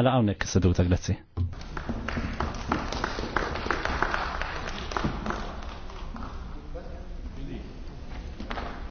Għala għawnek s seduta, grazzi.